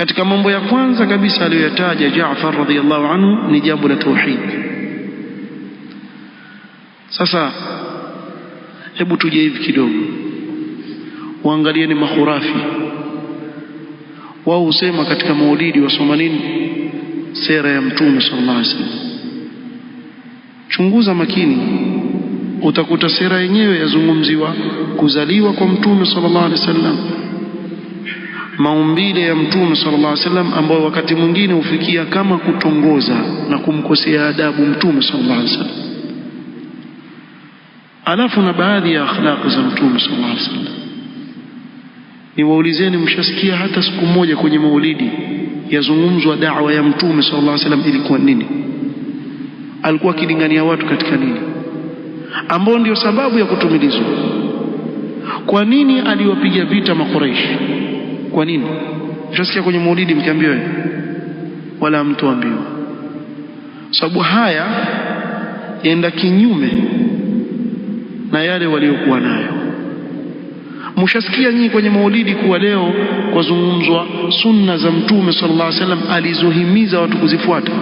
Katika mambo ya kwanza kabisa aliyoyataja Jaafar radhiyallahu anhu ni jambo la tauhid. Sasa hebu tuje hivi kidogo, waangalie ni mahurafi wao husema katika maulidi, wasoma nini? Sera ya Mtume sallallahu alaihi wasallam. Chunguza makini, utakuta sera yenyewe yazungumziwa kuzaliwa kwa Mtume sallallahu alaihi wasallam maumbile ya Mtume sallallahu alaihi wasallam, ambayo wakati mwingine hufikia kama kutongoza na kumkosea adabu Mtume sallallahu alaihi wasallam. Alafu na baadhi ya akhlaq za Mtume sallallahu alaihi wasallam, niwaulizeni, mshasikia hata siku moja kwenye maulidi yazungumzwa da'wa ya Mtume sallallahu alaihi wasallam ilikuwa nini? Alikuwa akilingania watu katika nini, ambao ndio sababu ya kutumilizwa. Kwa nini aliwapiga vita Makuraishi? Kwa nini? Ushasikia kwenye maulidi mkiambiwa wala mtu ambiwa, sababu haya yaenda kinyume na yale waliokuwa nayo. Mshasikia nyinyi kwenye maulidi kuwa leo kwazungumzwa sunna za Mtume sallallahu alaihi wasallam alizohimiza watu kuzifuata.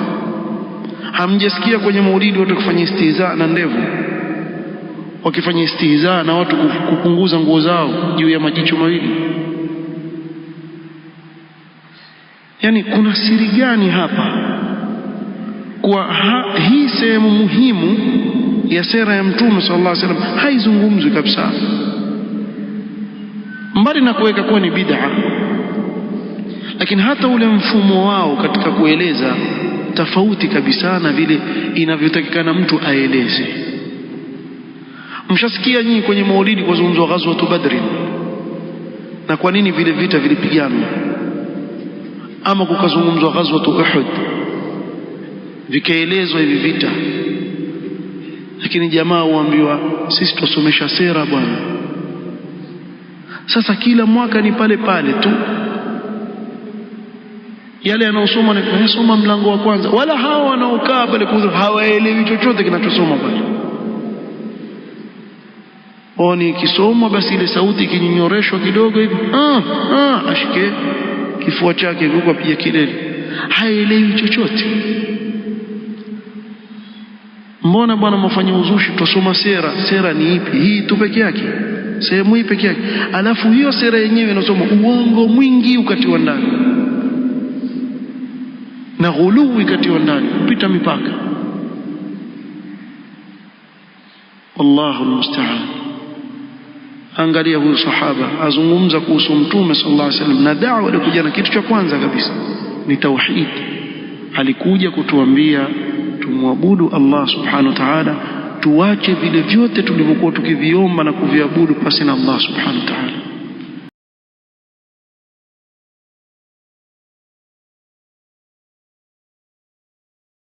Hamjasikia kwenye maulidi watu wakifanya istihzaa na ndevu, wakifanya istihza na watu kupunguza nguo zao juu ya majicho mawili. Yaani, kuna siri gani hapa kwa ha, hii sehemu muhimu ya sera ya Mtume sallallahu alaihi wasallam haizungumzwi kabisa, mbali na kuweka kuwa ni bid'a, lakini hata ule mfumo wao katika kueleza tofauti kabisa na vile inavyotakikana mtu aeleze. Mshasikia nyinyi kwenye Maulidi kuzungumzwa ghazwatu Badri na kwa nini vile vita vilipiganwa ama kukazungumzwa ghazwatu Uhud, vikaelezwa hivi vita, lakini jamaa huambiwa sisi twasomesha sera bwana. Sasa kila mwaka ni pale pale tu, yale yanayosoma kusoma mlango wa kwanza, wala hawa wanaokaa pale kuzo hawaelewi chochote kinachosoma pale. Oni ikisomwa basi ile sauti ikinyoreshwa kidogo hivi, ah, ah, ashike kifua chake huko apiga kelele, haelewi chochote. Mbona bwana mwafanya uzushi? Twasoma sera, sera ni ipi hii tu peke yake, sehemu hii peke yake, alafu hiyo sera yenyewe inasoma uongo mwingi ukatiwa ndani na ghuluu ikatiwa ndani kupita mipaka. Wallahu almusta'an. Angalia huyu sahaba azungumza kuhusu mtume sallallahu alaihi wasallam na dawa alikuja na kitu cha kwanza kabisa ni tauhid. Alikuja kutuambia tumwabudu Allah subhanahu wa ta'ala, tuache vile vyote tulivyokuwa tukiviomba na kuviabudu pasi na Allah subhanahu wa ta'ala.